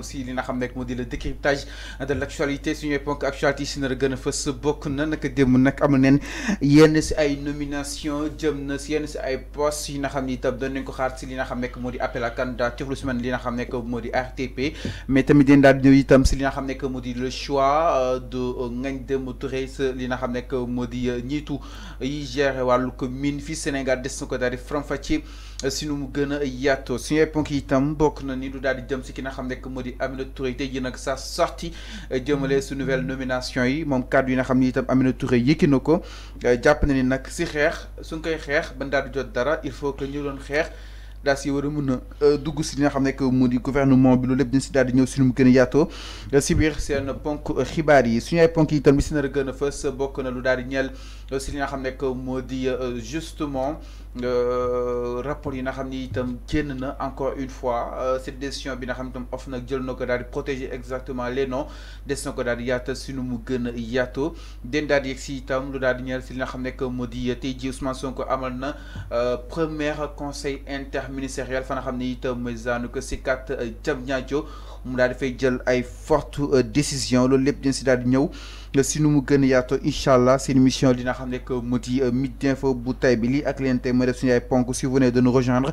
kon si li nga xam nek modi le décryptage de l'actualité actualité suñu ponk actualité si nar gëna gën bokk na naka démb nak am neen yenn si ay nomination jëm na si yenn si ay poste yi nga xam ni tab doon nañ ko xaar si li nga xam nek modi di appel à candidature lu semaine li nga xam nek modi RTP mais tamit dañ dal ñëw itam si li nga xam nek modi le choix euh, de euh, Ngagne dem Touré ce li nga xam nek modi ñitu euh, yi géré walu ko mine fi Sénégal des ko daal di faram-fàccee si mu gëna a yaatoo suñu ponk itam bokk na ni du dal di jëm si ki nga xam nek moo di Touré tey jii sa sortie euh, a su nouvelle nomination yi mom cadre yi nga xamni Touré euh, na ni si xex suñ jot dara il faut que ñu doon xex da si a euh, dugg si nga xam que mu gouvernement bi lu lepp ñu ci daal di si ponk xibaar yi suñu ay ponk yi itam bi a bokk na lu daal di si nga justement euh, rapport yi nga xamni itam kenn na encore une fois euh, cette décision bi nga xam tam of nak jël na daal protéger exactement les noms des na ko daal di yaatal mu gën a den daal di si itam lu daal di ñeel si li nga xam que moo di euh, Ousmane Sonko amal na premier conseil interministériel fa nga xamni itam mu zaanu ko si kat jam ñaajo mu daal fay jël ay fortes décisions loolu lepp dina ci daal ñëw si nu mu gën c'est une mission allah dina xam que euh, midi info bu tay bi li ak leen tey si vous venez de nous rejoindre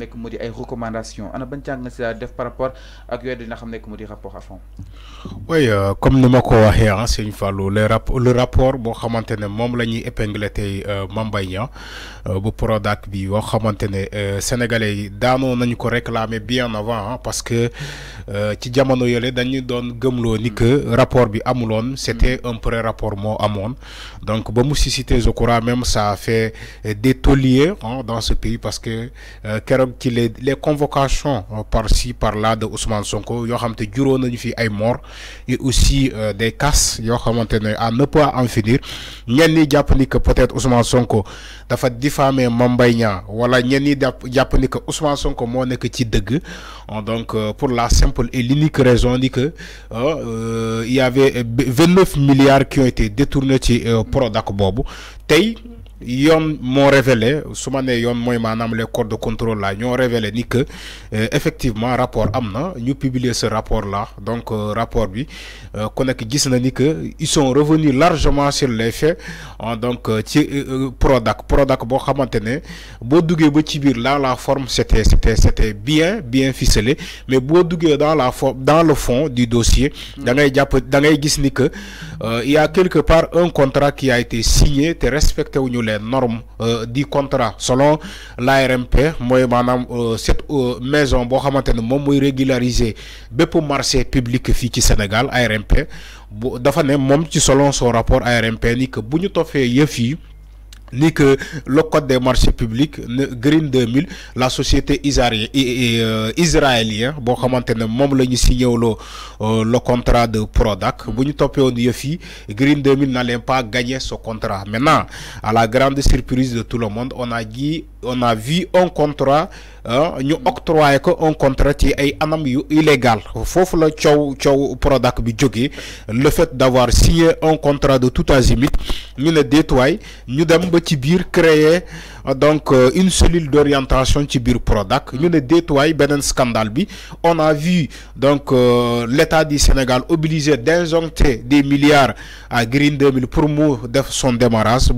recommandations ana def par rapport ak ce rapport à fond. oui euh, comme nous avons ko c'est ah, le rapport bo xamantene mom qui épingler tay euh, euh, bu Prodac bi sénégalais bien avant hein, parce que. Euh, ci jamono yele dañu doon le ni que rapport bi Amoulon c'était mm. un pré rapport à Amon donc ba mu cité je crois même ça a fait euh, des tauliers hein, dans ce pays parce que euh, kérok ci les les convocations par ci par là de Ousmane Sonko yo xam te des nañu fi ay mort et aussi des casses à ne pas en finir ñen ni japp ni que peut-être Ousmane Sonko dafa diffamé Mambay Mbaye Niang wala ñen ni japp ni que Ousmane Sonko mo nekk ci deug donc pour la simple et l'unique raison dit que euh, euh, il y avait 29 euh, milliards qui ont été détournés pour Prodac yoon m'ont révélé soumane ma nee manam les corps de contrôle là ñoo révélé ni que euh, effectivement rapport amna, na ñu publier ce rapport là donc euh, rapport bi qu'on euh, nekk gis na ni que ils sont revenus largement sur les faits ah, donc ci Prodac Prodac boo xamante ne boo ba ci la forme c'était c'était c'était bien bien ficelé mais boo dans la forme dans le fond du dossier da ngay dans da ngay gis ni que euh, il y a quelque part un contrat qui a été signé Et respecté les normes euh, du contrat selon l'ARMP euh, cette maison bo xamantene mom moy régulariser bép marché public fi ci Sénégal ARMP dafa né selon son rapport ARMP ni que buñu ñu ni que le code des marchés publics Green 2000 la société euh, israélienne bon comment mom lañu signé euh, le contrat de Prodac Green 2000 n'allait pas gagner ce contrat maintenant à la grande surprise de tout le monde on a dit on a vu un contrat hein, ñu octroyé un contrat qui est illégal bi le fait d'avoir signé un contrat de tout azimut nous le détoy ñu dem ba donc euh, une cellule d'orientation ci product. Prodac ñu scandale on a vu donc euh, l'État du Sénégal obligé d'injoncter des milliards à Green 2000 pour mu son démarrage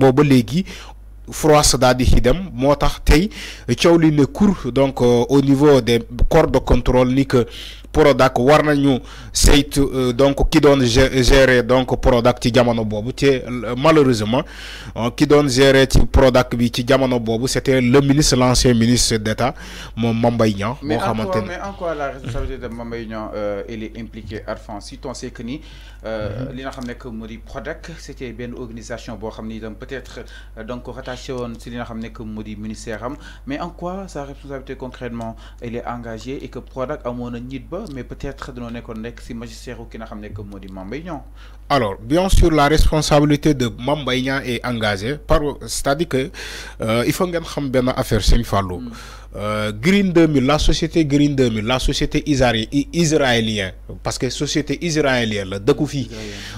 froisse dadi hidem motax et moo le donc euh, au niveau des corps de contrôle ni que Prodac war nañu euh, donc ki doon gérer donc Prodac ci jamono euh, malheureusement qui euh, doon gérer ci Prodac bi ci c'était le ministre l'ancien ministre d'État mon Mame Niang mais en quoi la responsabilité de Mame est elle est impliquée Arfan si ton sait que ni mm-hmm. li nga xam Prodac c'était une organisation bo xamni peut-être donc rattaché woon si li nga ministère mais en quoi sa responsabilité concrètement elle est engagée et que Prodac a na ba mais peut-être que nekkoon rek si magistère qui nga dit ne moo Mbaye alors bien sûr la responsabilité de Mambayan est engagée c'est-à-dire que euh, il faut ngeen xam benn affaire sëñ mm. Euh, Green 2000 la société Green 2000 la société israélienne parce que société israélienne la dëkku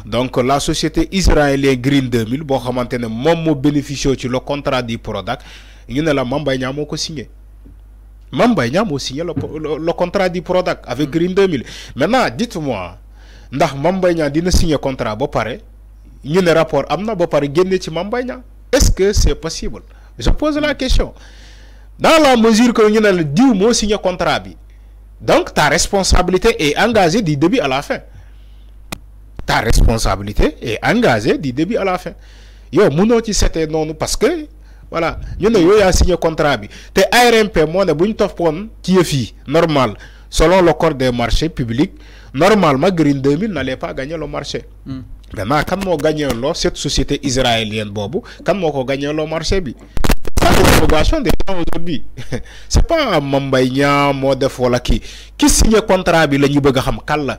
donc la société israélienne Green 2000 bon xamante ne moom ci le contrat du Prodac ñu ne la Mame Mbaye Niang signé suis en signé le, le, contrat du Prodac avec mm. Green 2000. Maintenant, dites-moi, ndax suis en train dina signer contrat ba pare ñu né rapport amna ba pare génné ci est-ce que c'est possible je pose la question dans la mesure que ñu suis en diw mo signer contrat bi donc ta responsabilité est engagée du début à la fin ta responsabilité est engagée du début à la fin Yo, mëno ci c'était non parce que voilà ñu ne ya signé contrat bi té ARMP mo né buñ ñu toppoon ci est normal selon le code des marchés publics normalement Green 2000 n'allait pas gagner le marché. Hmm. maintenant kan gagner lo cette société israélienne quand kan moko ko le marché bi. ça c'est l'interrogation des gens aujourd'hui c'est pas un moment mo def wala ki ki signé contrat bi lañu bëgg xam kan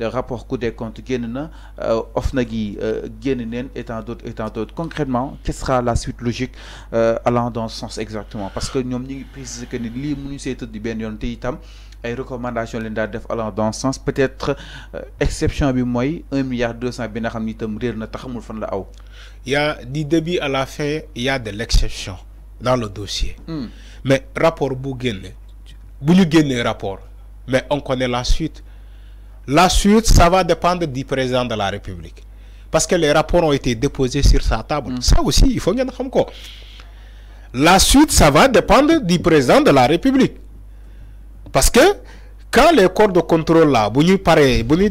le rapport coude des comptes offnagi na euh, euh, et tant d'autres et tant d'autres concrètement quelle sera la suite logique euh, allant dans ce sens exactement parce que nous avons précisé que ni lii mënuñu see tëdd benn et recommandations leen def allant dans ce sens peut-être exception bi moy un milliard deux cent bi nga xam na taxamul fan la aw y a du début à la fin y a de l'exception dans le dossier hmm. mais rapport bu génne bu ñu rapport mais on connaît la suite la suite, ça va dépendre du président de la République. Parce que les rapports ont été déposés sur sa table. Mm. Ça aussi, il faut bien comprendre. La suite, ça va dépendre du président de la République. Parce que quand les corps de contrôle là, si nous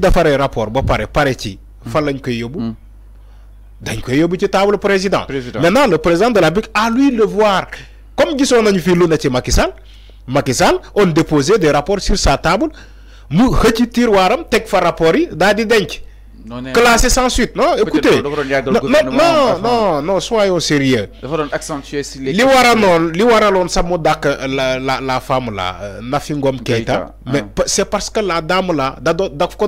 avons un rapport, nous avons un table président. Maintenant, le président de la République, à lui le voir. Comme disons, on a fait Macky Sall, Macky Sall, on déposait des rapports sur sa table. Nous xëcc tiroiram teg fa rapport d'adi denc. classé sans suite non écoutez non non non soyez au sérieux wara accentuer si li waraloon li waraloon sax mu la la la femme la euh, nafingom Keita, ah. mais c'est parce que la dame là da ko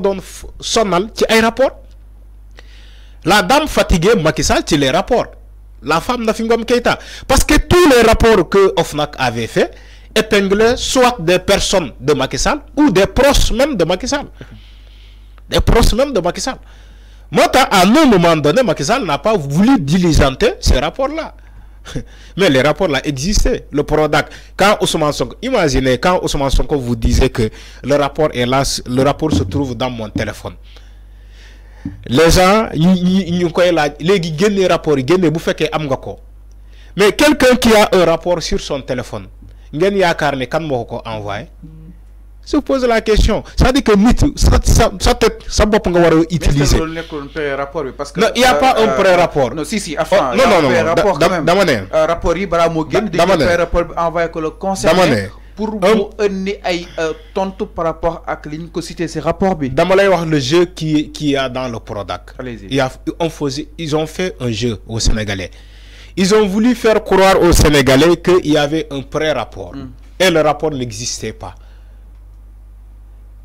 sonal ci ay rapport la dame fatiguée Macky Sall ci les rapports la femme nafingom Keita. parce que tous les rapports que OFNAC avait fait épingler soit des personnes de Macky ou des proches même de Macky Sall. Des proches même de Macky Sall. Moi, à un moment donné, Macky n'a pas voulu diligenter ces rapports-là. Mais les rapports-là existaient. Le Prodac, quand Ousmane Sonko, imaginez, quand Ousmane Sonko vous disait que le rapport est là, le rapport se trouve dans mon téléphone. Les gens, ils les rapports, ils ont faites que Mais quelqu'un qui a un rapport sur son téléphone, ngeen yaakaar se pose la question cest à que nit sa tête sa nga a rapport il y a pas euh, un pré-rapport. Euh, non si si enfin. Oh, non non euh, rapport yi rapport mo pré-rapport le conseil. pour Il ay tontu par rapport à Il ko cité rapport bi. dama wax le jeu qui qui a dans le product y il y a ils ont fait un jeu au sénégalais. Ils ont voulu faire croire aux Sénégalais qu'il y avait un pré-rapport. Mm. Et le rapport n'existait pas.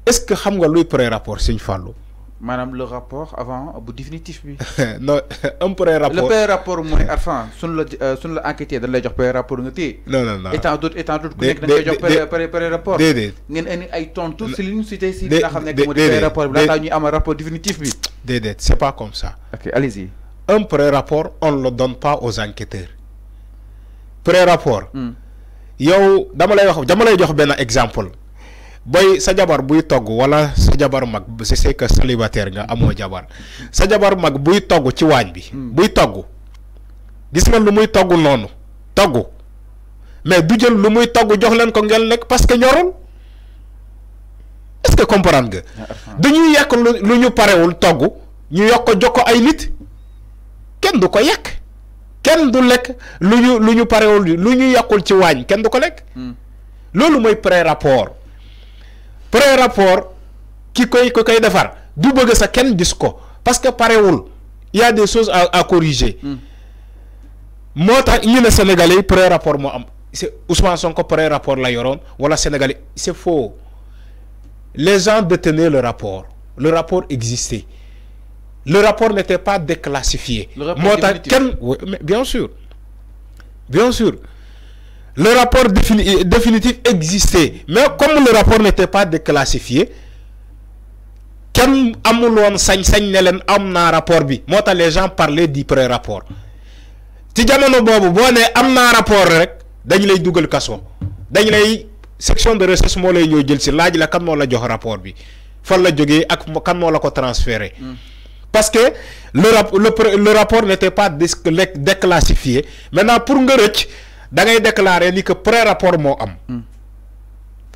Est-ce que vous savez un pré-rapport, Seigne Fallo Madame, le rapport avant, au bout définitif, oui. non, un pré-rapport. Le pré-rapport, moi, enfin, si on enquêté, on un pré-rapport. Non, non, non. Étant d'autres, étant d'autres, on un pré-rapport. Dédé. On a tontu, c'est l'unicité ici, on pré-rapport. On a un rapport définitif, oui. Dédé, c'est pas comme ça. Ok, allez-y un pré-rapport, on ne le donne pas aux enquêteurs. Pré-rapport. Hmm. yow dama lay wax dama lay jox benn exemple Boy, sa jabar buy togg wala sa jabar mag c'est que célibataire nga amo jabar sa jabar mag buy togg ci waañ bi. Hmm. buy togg gis nga lu muy togg togg mais du jël lu muy togg jox ko parce que ñorul est-ce que comprendre nga. Ah, ah. du ñuy yàq lu ñu parewul togg ñu yokk Joko ay nit. Quel du ko yàq ken du lek luñu luñu lu ñu parewul lu ci wañ ken du ko lek hmm. moy pré rapport pré rapport ki koy ko koy defar du bëgg sa ken gis ko parce que il y a des choses à à corriger hmm. moo tax ñu le sénégalais pré rapport mo am c'est Ousmane Sonko pré rapport la Yoron. wala sénégalais c'est faux les gens détenaient le rapport le rapport existait le rapport n'était pas déclassifié. Le rapport Ken, bien sûr. Bien sûr. Le rapport euh, définitif existait. Mais comme le rapport n'était pas déclassifié, a un rapport bi. les gens parlaient du pré-rapport. Si rapport section de recherche moo lay ñoo jël si laaj la kan moo la jox rapport bi fan la jógee ak kan moo la ko transféré hmm parce que le, le, rapport n'était pas déclassifié. Maintenant, pour une vous avez déclaré que pré-rapport hmm.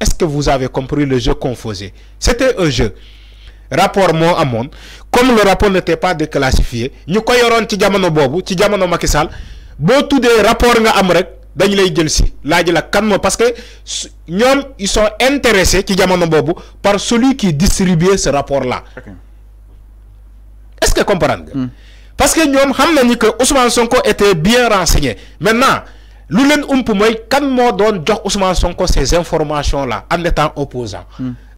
Est-ce que vous avez compris le jeu qu'on faisait C'était un jeu. Rapport mo amon. Comme le rapport n'était pas déclassifié, nous avons ci jamono bobu ci jamono Macky Sall rapport nga am rek dañ lay jël parce que nous ils sont intéressés par celui qui distribuait ce rapport là est-ce que comprendre comprenez parce que nous savons que Ousmane Sonko était bien renseigné maintenant lu leen est mooy kan Ousmane Sonko ces informations là en étant opposant hmm.